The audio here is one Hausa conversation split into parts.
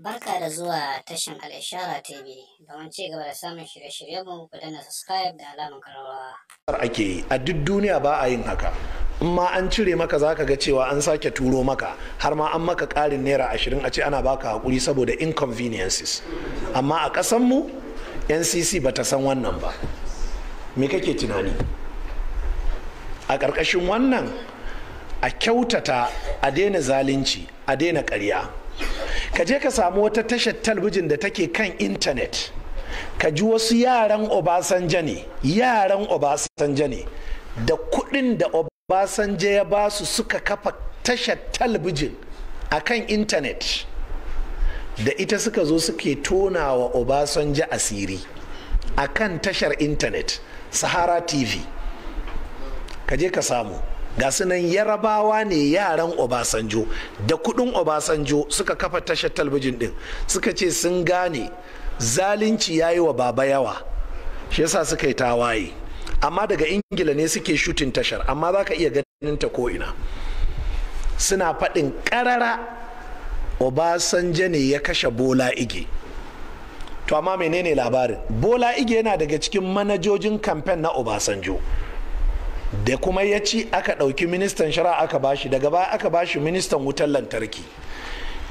Barka da zuwa tashin Al'ishara TV da wance gaba da samun shirye-shiryenmu ku danna subscribe da alamun karawa. Ake yi a duk duniya ba a yin haka. In ma an cire maka za ka ga cewa an sake turo maka har ma an maka ƙarin naira ashirin a ce ana baka hakuri saboda inconveniences. Amma a mu NCC ba ta san wannan ba. Me kake tunani? A ƙarƙashin wannan a kyautata a daina zalunci a daina ƙarya. ka je ka samu wata tashar talabijin da take kan intanet ka ji wasu yaran obasanja ne yaran obasanja ne da kuɗin da obasanja ya ba su suka kafa tashar talbijin a kan intanet da ita suka zo suke tona wa obasanja asiri a kan tashar intanet sahara tv ka je ka samu ga sunan yarabawa ne yaran obasanjo da kudin obasanjo suka kafa tashar talbijin din suka ce sun gane zalunci ya yi wa baba yawa shi yasa suka yi tawaye amma daga ingila ne suke shutin tashar amma za ka iya ganin ta ko'ina suna faɗin ƙarara obasanjo ne ya kashe bola ige to amma menene labarin bola ige yana daga cikin manajojin kamfen na obasanjo da kuma ya ci aka ɗauki ministan shara aka bashi daga baya aka bashi ministan wutar lantarki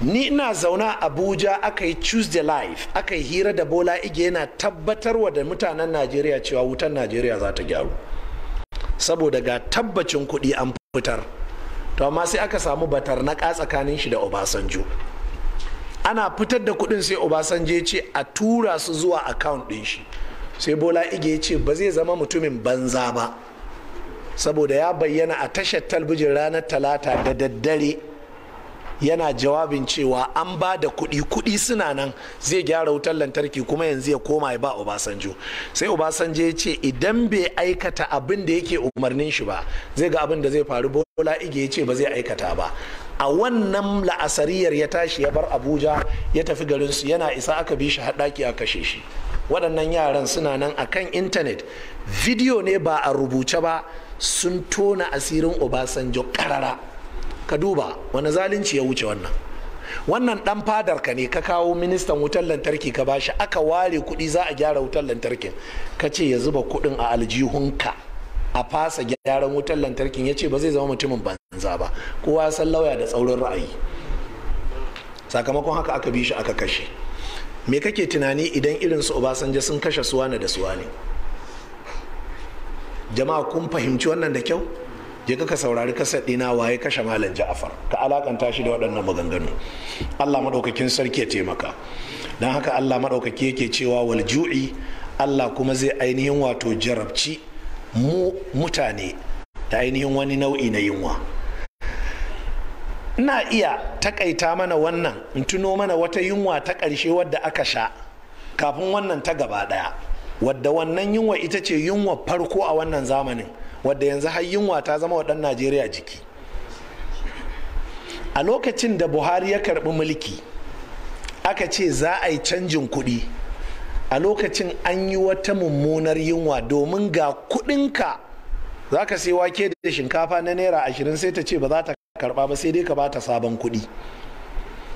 ni ina zauna abuja aka yi the life aka yi hira da bola ige yana tabbatar wa da mutanen najeriya cewa wutar najeriya za ta gyaru saboda ga tabbacin kuɗi an fitar to amma sai aka samu batar na tsakanin shi da obasanjo ana fitar da kuɗin sai obasanjo ce a tura su zuwa account ɗin shi sai bola ige ce ba zai zama mutumin banza ba saboda ya bayyana a tashar talbijin ranar talata da daddare yana jawabin cewa an ba da kuɗi kuɗi suna nan zai gyara wutar lantarki kuma yanzu ya koma ya ba obasanjo sai obasanjo ya ce idan bai aikata abin da yake umarnin shi ba zai ga abin da zai faru bola ige ya ce ba zai aikata ba a wannan la'asariyar ya tashi ya bar abuja ya tafi garin su yana isa aka bi shi haɗaki a kashe shi waɗannan yaran suna nan akan intanet bidiyo ne ba a rubuce ba sun tona asirin obasanjo karara ka duba wani zalunci ya wuce wannan wannan dan fadar ka ne ka kawo ministan wutar lantarki ka bashi aka ware kudi za a gyara wutar lantarkin ka ce ya zuba kuɗin a aljihunka a fasa gyaran wutar lantarkin ya ce ba zai zama mutumin banza ba kowa ya san lauya da tsaurin ra'ayi sakamakon haka aka bi shi aka kashe me kake tunani idan irin su obasanjo sun kashe suwane da suwa ne? jama'a kun fahimci wannan da kyau je ka saurari kasar ɗina waye kashe malam ja'afar ka alakanta shi da waɗannan maganganu allah maɗaukakin sarki ya taimaka don haka allah maɗaukaki yake cewa wal ju'i allah kuma zai ainihin wato jarabci mu mutane da ainihin wani nau'i na yunwa ina iya takaita mana wannan in tuno mana wata yunwa ta ƙarshe wadda aka sha kafin wannan ta gaba ɗaya wadda wannan yunwa ita ce yunwa farko a wannan zamanin wadda yanzu har yunwa ta zama wa ɗan najeriya jiki a lokacin da buhari ya karɓi mulki aka ce za a yi canjin kuɗi a lokacin an yi wata mummunar yunwa domin ga kuɗinka za ka sai wake da shinkafa na naira ashirin sai ta ce ba za ta karba ba sai dai ka ba ta sabon kuɗi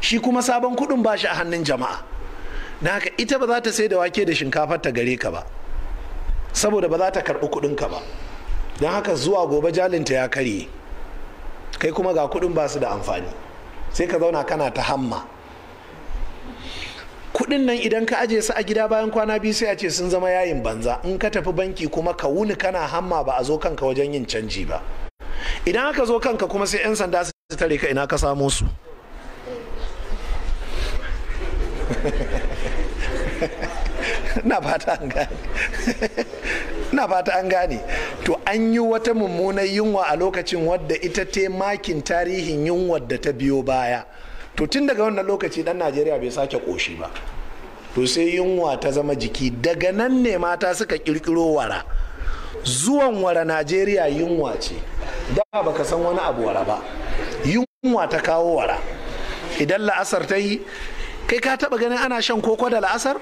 shi kuma sabon kuɗin ba shi a hannun jama'a na haka ita ba za ta sai da wake da shinkafar ta gare ka ba saboda ba za ta karɓi kuɗin ka ba don haka zuwa gobe jalinta ya karye kai kuma ga kuɗin ba su da amfani sai ka zauna kana ta hamma kuɗin nan idan ka aje su a gida bayan kwana biyu sai a ce sun zama yayin banza in ka tafi banki kuma ka wuni kana hamma ba a zo kanka wajen yin canji ba idan aka zo kanka kuma sai 'yan sanda su tare ka ina ka samo su na fata an gane na fata an gane to an yi wata mummunar yunwa a lokacin wadda ita te makin tarihin yunwa da ta biyo baya to tun daga wannan lokaci dan najeriya bai sake koshi ba to sai yunwa ta zama jiki daga nan ne mata suka kirkiro wara zuwan wara najeriya yunwa ce da baka san wani abu wara ba yunwa ta kawo wara idan la'asar ta yi kai ka taba ganin ana shan koko da la'asar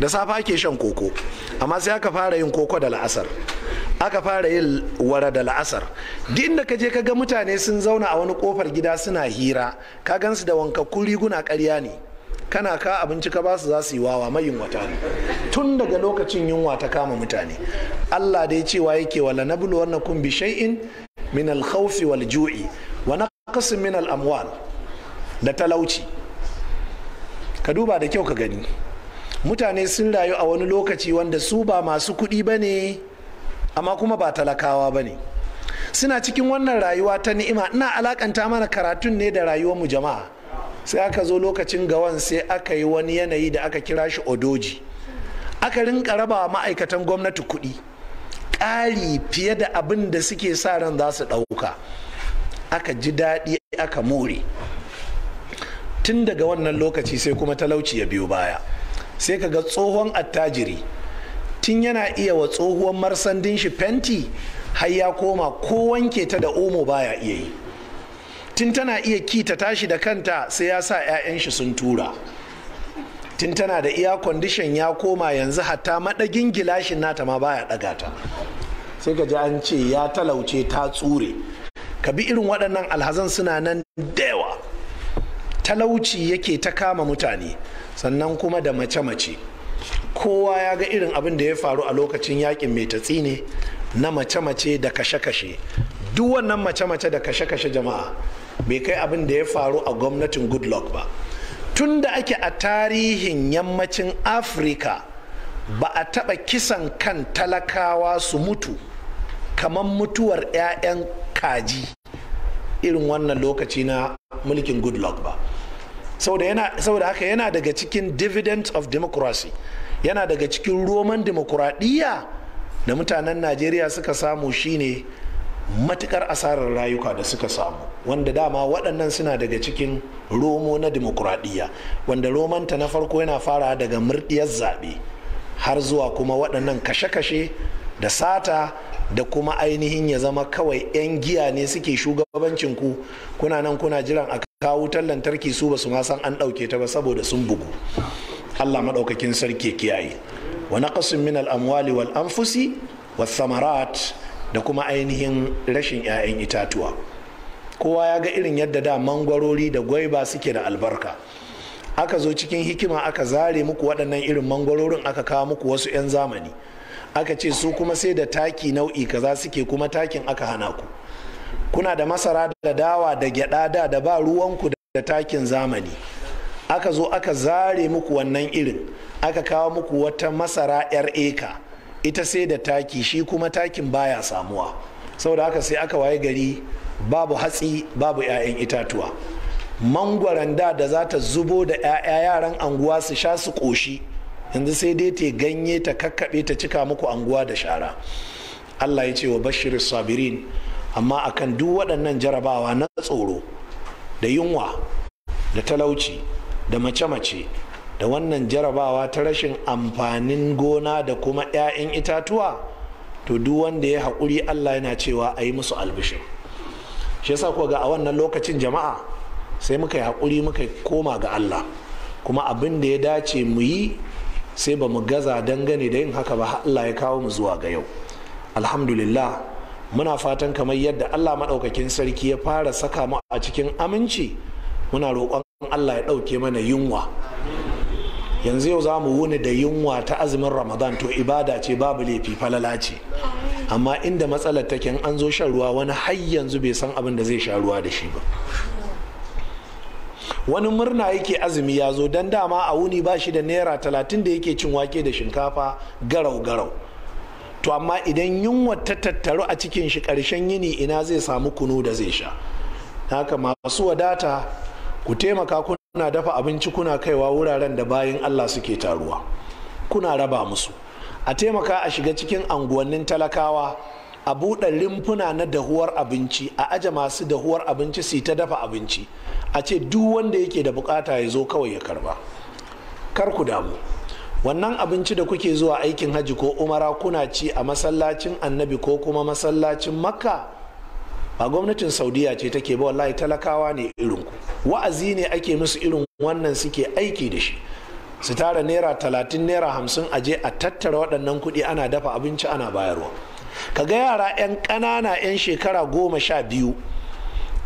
da safa ake shan koko amma sai aka fara yin koko da la'asar aka fara yin wara da la'asar duk inda ka je ka ga mutane sun zauna a wani kofar gida suna hira ka gansu da wankakkun riguna karya ne kana ka abinci ka basu za su yi wawa mai yunwata ne tun daga lokacin yunwa ta kama mutane allah da dai cewa yake wala nablu wannan bi shay'in min Minal wal ju'i wa naqsin min al-amwal da talauci ka duba da kyau ka gani mutane sun rayu a wani lokaci wanda su ba masu kuɗi ba ne amma kuma ba talakawa ba ne suna cikin wannan rayuwa ta ni'ima ina alakanta mana karatun ne da rayuwar mu jama'a sai aka zo lokacin gawan sai aka yi wani yanayi da aka kira shi odoji aka rinka raba ma'aikatan gwamnati kuɗi ƙari fiye da abin da suke sa ran za su ɗauka aka ji daɗi aka more tun daga wannan lokaci sai kuma talauci ya biyo baya sai ka ga tsohon attajiri tun yana iya wa tsohuwar marsandin shi fenti har ya koma ko wanke ta da omo baya iya yi tun tana iya ki ta tashi da kanta sai ya sa 'ya'yan shi sun tura tun tana da iya kwandishan ya koma yanzu hatta madagin gilashin nata ma baya daga ta sai ka ji an ce ya talauce ta tsure ka bi irin waɗannan alhazan suna nan da yawa talauci yake ta kama mutane sannan kuma da mace-mace kowa ya ga irin abin da ya faru a lokacin yakin mai ne na mace-mace da kashe-kashe duk wannan mace-mace da kashe-kashe jama'a bai kai abin da ya faru a gwamnatin goodluck ba tun da ake a tarihin yammacin afirka ba a taɓa kisan kan talakawa su mutu kamar mutuwar 'ya'yan kaji irin wannan lokaci na mulkin goodluck ba saboda haka yana daga cikin dividend of democracy yana daga cikin roman demokuraɗiyya da mutanen najeriya suka samu shine matukar asarar rayuka da suka samu wanda dama waɗannan suna daga cikin romo na demokuraɗiyya wanda romanta na farko yana fara daga murɗiyar zaɓe har zuwa kuma waɗannan kashe-kashe da sata da kuma ainihin ya zama kawai 'yan giya ne suke shugabancin ku kuna nan kuna jiran a kawo wutar lantarki su ba su ma san an ɗauke ta ba saboda sun bugu allah maɗaukakin sarki kiyaye wa naqasin min al'amwali amwali wal anfusi wa samarat da kuma ainihin rashin 'ya'yan itatuwa kowa ya ga irin yadda da mangwarori da gwaiba suke da albarka aka zo cikin hikima aka zare muku waɗannan irin mangwarorin aka kawo muku wasu 'yan zamani aka ce su kuma sai da taki nau'i kaza suke kuma takin aka hana ku kuna da masara da dawa da gyada da da ba ruwanku da takin zamani aka zo aka zare muku wannan irin aka kawo muku wata masara yar eka ita sai da taki shi kuma takin baya samuwa saboda haka sai aka waye gari babu hatsi babu 'ya'yan itatuwa mangwaran da da za ta zubo da 'ya'ya yaran anguwa su sha su koshi. yanzu sai dai ta ganye ta kakkaɓe ta cika muku anguwa da shara allah ya ce wa bashir sabirin amma akan duk waɗannan jarabawa na tsoro da yunwa da talauci da mace-mace da wannan jarabawa ta rashin amfanin gona da kuma 'ya'yan itatuwa to duk wanda ya haƙuri allah yana cewa a yi musu albishin shi yasa kuwa ga a wannan lokacin jama'a sai muka yi haƙuri muka koma ga allah kuma abin da ya dace mu yi sai ba mu gaza dangane da yin haka ba Allah ya kawo mu zuwa ga yau alhamdulillah muna fatan kamar yadda Allah maɗaukakin sarki ya fara saka mu a cikin aminci muna roƙon Allah ya ɗauke mana yunwa yanzu yau za mu wuni da yunwa ta azumin ramadan to ibada ce babu laifi falala ce amma inda matsalar take an zo shan ruwa wani har yanzu bai san abin da zai sha ruwa da shi ba wani murna yake azumi ya zo don dama a wuni ba shi da naira talatin da yake cin wake da shinkafa garau garau to amma idan yunwa ta tattaru a cikin shi ƙarshen yini ina zai samu kunu da zai sha haka masu wadata ku taimaka kuna dafa abinci kuna kaiwa wuraren da bayan allah suke taruwa kuna raba musu a taimaka a shiga cikin anguwannin talakawa a buɗe limfuna na dahuwar abinci a aje masu dahuwar abinci su ta dafa abinci a ce duk wanda yake da bukata ya zo kawai ya karba kar ku damu wannan abinci da kuke zuwa aikin hajji ko umara kuna ci a masallacin annabi ko kuma masallacin makka ba gwamnatin saudiya ce take ba wallahi talakawa ne irin ku wa'azi ne ake musu irin wannan suke aiki da shi su tara naira talatin naira hamsin a je a tattara waɗannan kuɗi ana dafa abinci ana bayarwa Ka ga yara 'yan ƙanana 'yan shekara goma sha biyu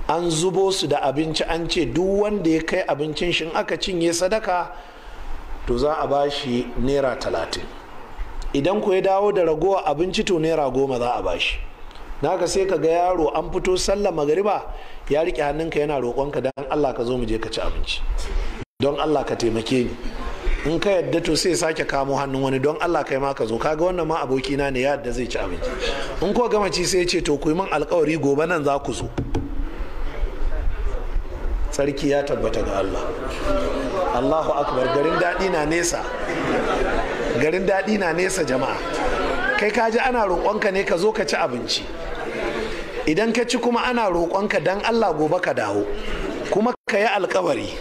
an zubo su da abinci an ce duk wanda ya kai abincin shi aka cinye sadaka to za a bashi naira talatin idan ku ya dawo da ragowa abinci to naira goma za a bashi, na naka sai ka ga yaro an fito sallah magariba ya riƙe hannunka yana roƙonka don allah ka zo mu je ka ci abinci don allah ka taimake ni in ka yadda to sai sake kamo hannun wani don Allah kai ma ka zo kaga wannan ma abokina ne ya yadda zai ci abinci in ko gama ci sai ce to ku yi min alkawari gobe nan za ku zo sarki ya tabbata ga Allah Allahu akbar garin daɗi na nesa garin daɗi na nesa jama'a kai ka ji ana roƙonka ne ka zo ka ci abinci idan ka ci kuma ana roƙonka dan Allah gobe ka dawo kuma ka yi alkawari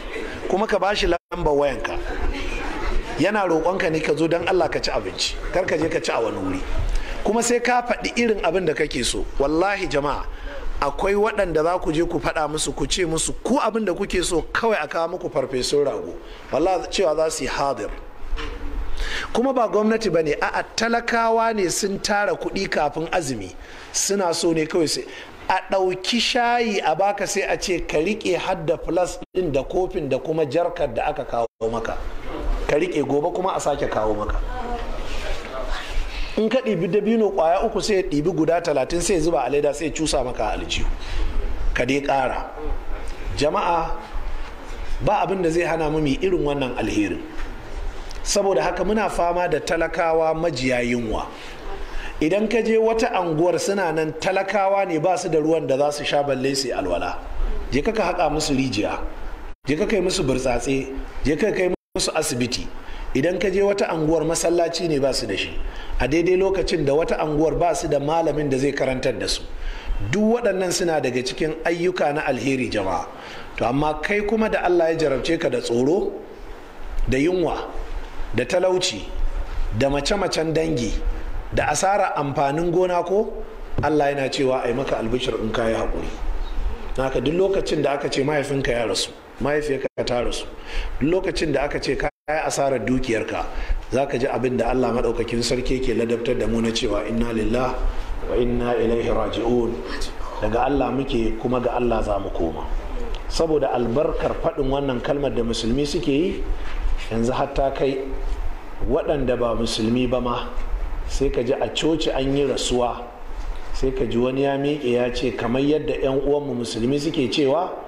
kuma ka bashi lambar wayanka yana roƙonka ne ka zo don allah ka ci abinci kar ka je ka ci a wani wuri kuma sai ka faɗi irin abin da kake so wallahi jama'a akwai waɗanda za ku je ku faɗa musu ku ce musu ku abin da kuke so kawai a kawo muku farfesun rago wallahi cewa za su yi hadir kuma ba gwamnati ba ne a talakawa ne sun tara kuɗi kafin azumi suna so ne kawai sai a ɗauki shayi a baka sai a ce ka riƙe hadda flas ɗin da kofin da kuma jarkar da aka kawo maka ka riƙe gobe kuma a sake kawo maka in ka ɗibi dabino ƙwaya uku sai ya ɗibi guda talatin sai zuba a leda sai cusa maka a aljihu ka dai ƙara jama'a ba abin da zai hana mu irin wannan alherin saboda haka muna fama da talakawa majiya yunwa idan ka je wata anguwar suna nan talakawa ne ba su da ruwan da za su sha balle su alwala je ka haƙa musu rijiya je ka kai musu burtsatse je ka kai musu asibiti idan ka je wata anguwar masallaci ne ba su da shi a daidai lokacin da wata anguwar ba su da malamin da zai karantar da su duk waɗannan suna daga cikin ayyuka na alheri jama'a to amma kai kuma da allah ya jarabce ka da tsoro da yunwa da talauci da mace-macen dangi da asara amfanin gona ko allah yana cewa a yi maka albishir in kayi haƙuri naka duk lokacin da aka ce mahaifinka ya rasu mahaifiyarka ta rasu lokacin da aka ce ka yi asarar dukiyarka za ka ji abin da allah maɗaukakin sarki ke ladabtar da mu na cewa inna lillah wa inna ilaihi raji'un daga allah muke kuma ga allah za mu koma saboda albarkar faɗin wannan kalmar da musulmi suke yi yanzu hatta kai waɗanda ba musulmi ba ma sai ka ji a coci an yi rasuwa sai ka ji wani ya miƙe ya ce kamar yadda 'yan uwanmu musulmi suke cewa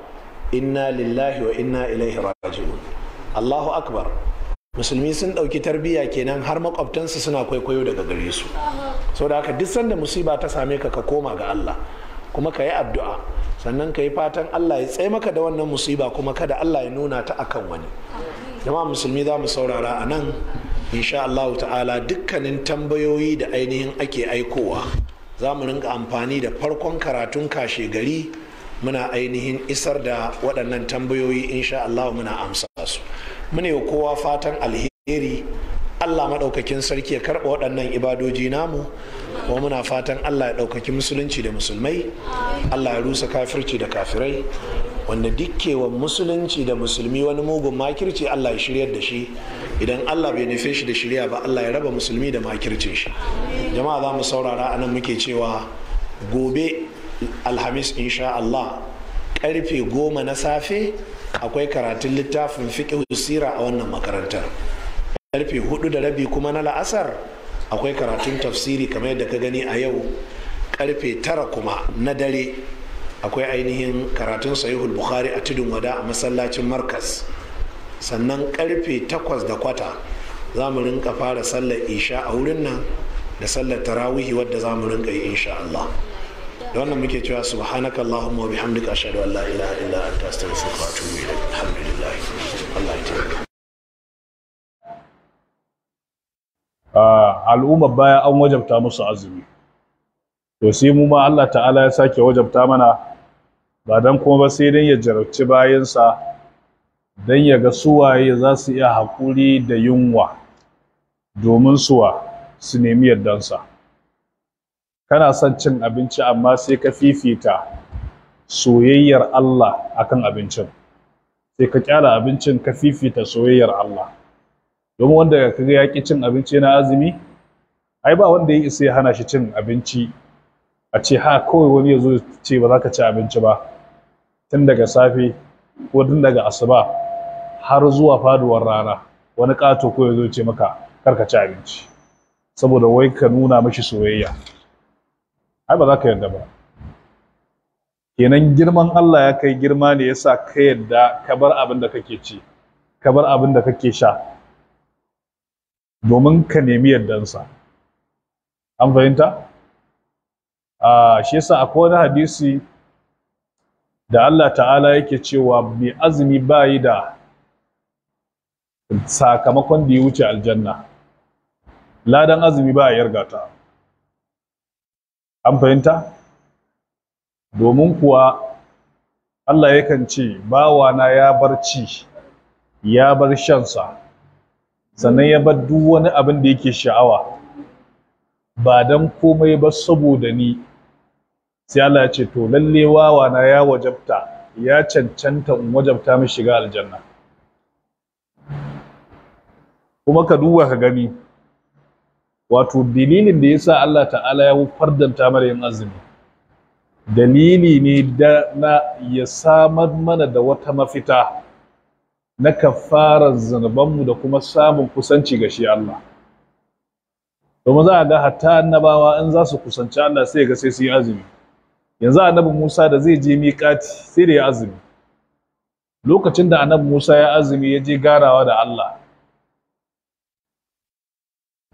inna lillahi wa inna ilaihi raji'un Allahu akbar musulmi sun ɗauki tarbiyya kenan har makwabtansu suna kwaikwayo daga gare su da haka duk sanda musiba ta same ka ka koma ga Allah kuma ka yi addu'a sannan ka yi fatan Allah ya tsaye maka da wannan musiba kuma kada Allah ya nuna ta akan wani jama'a musulmi za mu saurara a nan insha Allah ta'ala dukkanin tambayoyi da ainihin ake aikowa za mu rinka amfani da farkon karatun kashe gari muna ainihin isar da waɗannan tambayoyi insha Allah muna amsa su mune kowa fatan alheri Allah maɗaukakin sarki ya karɓa waɗannan ibadoji namu kuma muna fatan Allah ya ɗaukaki musulunci da musulmai Allah ya rusa kafirci da kafirai wanda wa musulunci da musulmi wani mugun makirci Allah ya shiryar da shi idan Allah bai nufe shi da shirya ba Allah ya raba musulmi da makircin shi jama'a za mu saurara anan muke cewa gobe alhamis insha Allah karfe goma na safe akwai karatun littafin fiƙe sira a wannan makarantar karfe hudu da rabi kuma na la'asar akwai karatun tafsiri kamar yadda ka gani a yau karfe tara kuma na dare akwai ainihin karatun sahihul bukhari a tudun wada a masallacin markas sannan karfe takwas da kwata za mu rinka fara sallar isha a wurin nan da sallar tarawihi wadda za mu rinka yi insha Allah. da wannan muke cewa subhanaka allahumma wa bihamdika ashhadu an la ilaha illa anta astaghfiruka wa atubu da alhamdulillah Allah ya taimaka ah, al'ummar baya an wajabta musu azumi to sai mu ma Allah ta'ala ya sake wajabta mana ba dan kuma ba sai dan ya jarabci bayansa dan ya ga suwaye za su iya haƙuri da yunwa domin suwa su nemi yardansa kana son cin abinci amma sai ka fifita soyayyar Allah akan abincin sai ka kyala abincin ka fifita soyayyar Allah domin wanda kaga ya ki cin abinci na azumi ai ba wanda ya isa ya hana shi cin abinci a ce ha kawai wani ya zo ce ba za ka ci abinci ba tun daga safe ko tun daga asuba har zuwa faduwar rana wani ƙato ko ya zo ce maka kar ka ci abinci saboda wai ka nuna mashi soyayya ai ba za ka yarda ba kenan girman Allah ya kai girma ne yasa ka yarda ka bar abin da kake ci ka bar abin da kake sha domin ka nemi yardansa an fahimta a shi yasa akwai wani hadisi da Allah ta'ala yake cewa mai azumi bayi da sakamakon da ya wuce aljanna ladan azumi ba a yarga ta an fahimta domin kuwa Allah yakan ce bawana ya bar ci ya bar shansa sannan ya bar duk wani abin da yake sha'awa ba dan komai ba saboda ni sai Allah ya ce to lalle wawana ya wajabta ya cancanta in wajabta mai shiga aljanna kuma ka duba ka gani wato dalilin da ya sa Allah ta'ala ya fardanta mana yin azumi dalili ne da na ya samar mana da wata mafita na kafarar zanubanmu da kuma samun kusanci ga shi Allah domin za a ga hatta annabawa in za su kusanci Allah sai ga sai su yi azumi yanzu annabi Musa da zai je miƙati sai da ya azumi lokacin da annabi Musa ya azumi ya je garawa da Allah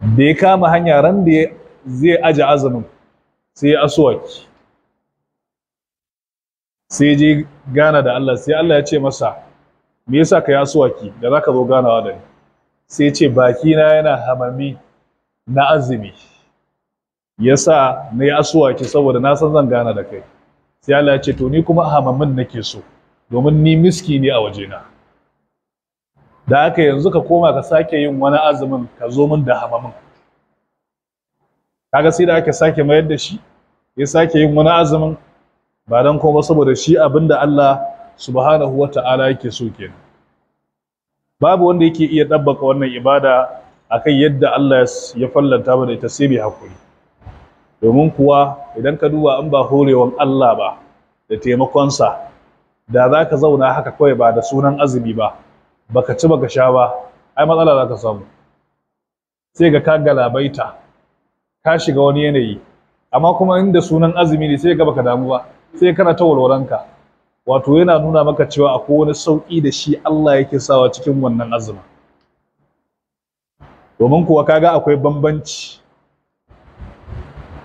da ya kama hanya ran da zai aje azumin sai ya asuwaki sai je gana da Allah sai Allah ya ce masa me yasa ka yi asuwaki da ka zo ganawa da ni sai ya ce baki na yana hamami na azumi yasa na yi asuwaki saboda na san zan gana da kai sai Allah ya ce to ni kuma hamamin nake so domin ni miski ne a wajena da haka yanzu ka koma ka sake yin wani azumin ka zo min da hamamin kaga sai da aka sake mayar da shi ya sake yin wani azumin ba dan kuma saboda shi abinda Allah subhanahu wata'ala yake so kenan babu wanda yake iya dabbaka wannan ibada akan yadda Allah ya fallanta mana ita sai mai hakuri domin kuwa idan ka duba an ba horewan Allah ba da taimakonsa da za ka zauna haka kawai ba da sunan azumi ba baka ci baka sha ba ai matsala za ka samu sai ga ka galabaita ka shiga wani yanayi amma kuma inda sunan azumi ne sai ga baka damu ba sai kana ta walwalanka wato yana nuna maka cewa akwai wani sauki da shi Allah yake sawa cikin wannan azumin domin kuwa kaga akwai bambanci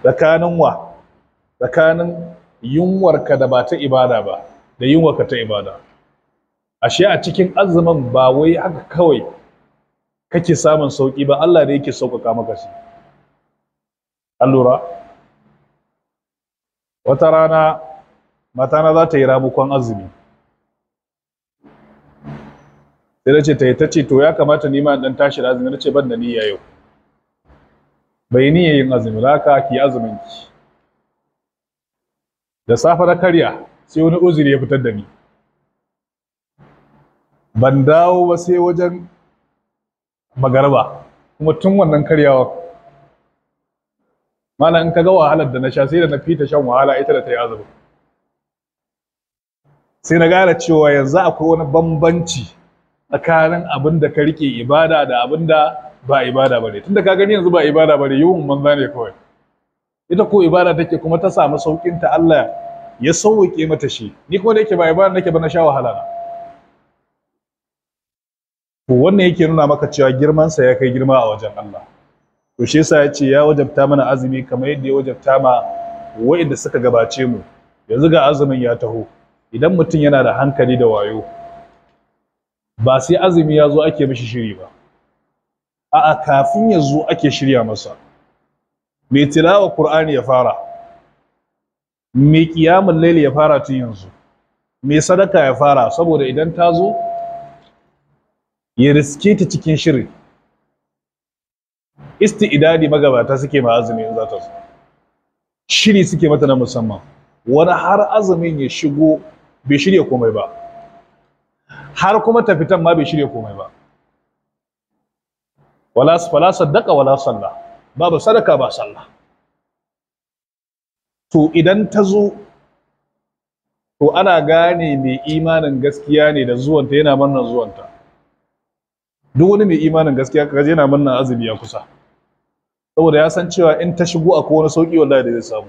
tsakanin wa tsakanin yunwarka da ba ta ibada ba da yunwarka ta ibada ashe a cikin azumin ba wai haka kawai kake samun sauki ba Allah ne yake sauƙaƙa maka shi allura wata rana matana za ta yi ramukon azumi sai nace ta yi ta ce to ya kamata ni ma dan tashi da azumi nace ban da niyya yau bai niyya yin azumi za ka ki azumin ki da safe na karya sai wani uzuri ya fitar da ni ban dawo ba sai wajen magarba kuma tun wannan karyawa. mana in ka ga wahalar da na sha sai da na fita shan wahala ita da ta yi azumi sai na gane cewa yanzu akwai wani bambanci tsakanin abin da ka rike ibada da abin da ba ibada ba ne tunda ka gani yanzu ba ibada ba ne yiwu manza ne kawai ita ko ibada take kuma ta samu saukin ta Allah ya sauke mata shi ni kuma da yake ba ibada nake ba na sha wahala na to wannan yake nuna maka cewa girman sa ya kai girma a wajen Allah to shi yasa ya ce ya wajabta mana azumi kamar yadda ya wajabta ma wa'inda suka gabace mu yanzu ga azumin ya taho idan mutum yana da hankali da wayo ba sai azumi ya zo ake mishi shiri ba a'a kafin ya zo ake shirya masa mai tilawa qur'ani ya fara mai ƙiyamin laili ya fara tun yanzu mai sadaka ya fara saboda idan ta zo ya riske ta cikin shirin idadi magabata suke ma azumi za ta zo. shiri suke mata na musamman wani har azumin ya shigo bai shirya komai ba har kuma ta fitan ma bai shirya komai ba wala fala saddaka wala salla babu sadaka ba salla to idan ta zo to ana gane mai imanin gaskiya ne da zuwanta yana manna zuwanta duk wani mai imanin gaskiya ka yana murna azumi ya kusa saboda ya san cewa in ta shigo akwai wani sauki wallahi da zai samu